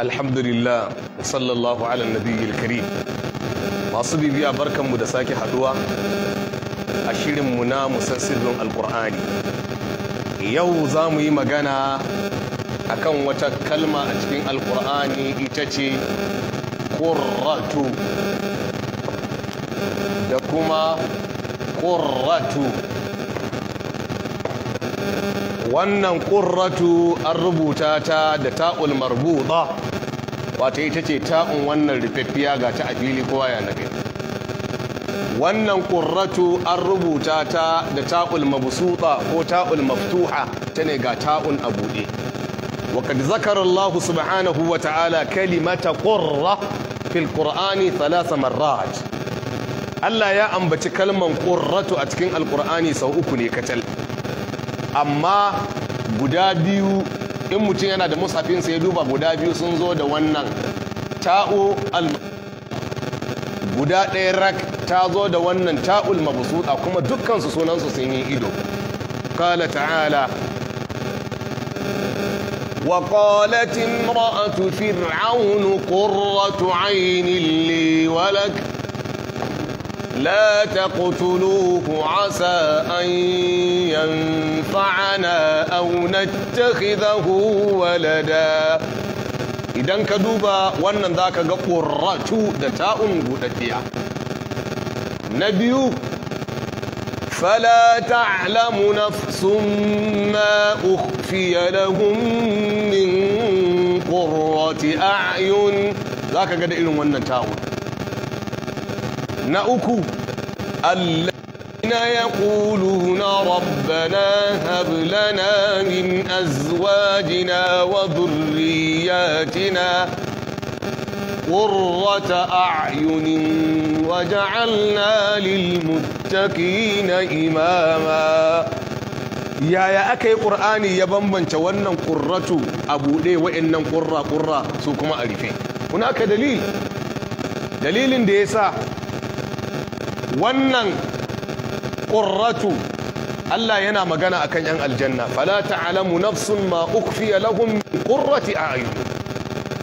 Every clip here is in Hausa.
الحمد لله وصلى الله على النبي الكريم masu bibiya barkanmu da sake haduwa a shirinmu na musassirin alkur'ani yau za mu yi magana akan wata kalma a cikin alkur'ani ita ce ƙurratu da kuma ƙurratu wannan ƙurratu an rubuta ta da ta'ul marbuta wata ita ce ta'un wannan rufaffiya ga ta a kowa ya nabe wannan ƙurratu an rubuta ta da ta'ul mabusuta ko ta'ul maftuha ta ne ga ta'un a buɗe وقد ذكر الله سبحانه وتعالى كلمة ƙurra في القرآن ثلاث Allah ya ambaci kalman ƙurratu a cikin alƙur'ani sau uku ne katal amma guda biyu in mutum yana da musafinsa ya duba guda biyu sun zo da wannan ta'o guda ɗaya rak ta zo da wannan ta'ul mabsuta kuma dukkansu sunansu sun yi ido kala ta'ala وقالت kurwa فرعون قرة عين la ولك لا تقتلوه عسى أن معنا أو نتخذه ولدا idan ka duba wannan za ka ga ƙurratu da ta'un buɗaɗɗiya na biyu fala ta'lamu nafsun ma ukhfiya lahum min qurrati a'yun za ka ga da irin wannan ta'un na uku allah يقولون ربنا هب لنا من أزواجنا وذرياتنا قرة أعين وجعلنا للمتقين إماما yaya aka yi ƙur'ani ya bambance wannan ƙurratu a buɗe wa'annan ƙurra-ƙurra su kuma a rufe kuna ka dalil da ya sa wannan Ƙurratu Allah yana magana akan yan aljanna fala ta'lamu nafsun ma ukhfiya lahum qurrati a'yun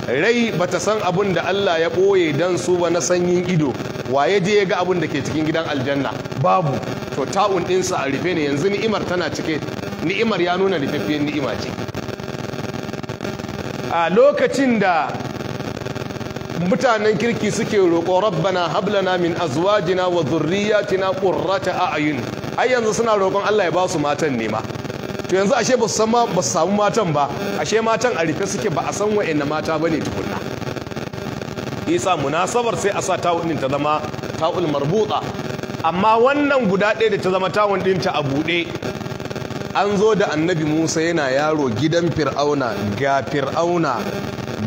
rai bata san abin da Allah ya ɓoye dan su ba na sanyin ido wa ya je ya ga abin da ke cikin gidan aljanna babu to ta'un ɗinsa a rufe ne yanzu ni'imar tana cike ni'imar ya nuna rufaffiyar ni'ima ce a lokacin da mutanen kirki suke roƙo rabbana hablana min azwajina wa dhurriyyatina qurrata a'yun ai yanzu suna roƙon Allah ya ba su matan nema. to yanzu ashe ba su samu matan ba ashe matan a rufe suke ba a san wa'annan mata bane tukunna isa munasabar sai a sa tawun din ta zama ta'ul marbuta amma wannan guda ɗaya da ta zama tawun din ta a buɗe an zo da annabi Musa yana yaro gidan fir'auna ga fir'auna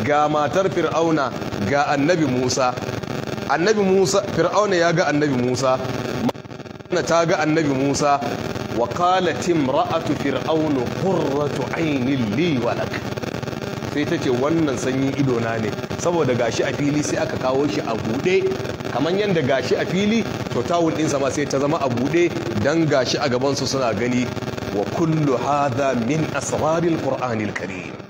ga matar fir'auna ga annabi musa annabi musa fir'auna ya ga annabi musa na ta ga annabi musa wa qalat fir'aunu qurratu aynin li sai ta ce wannan sanyi idona ne saboda gashi a fili sai aka kawo shi a bude kamar yadda gashi a fili to tawul ɗinsa ma sai ta zama a bude don gashi a gabansu suna gani wa kullu hadha min asraril qur'anil karim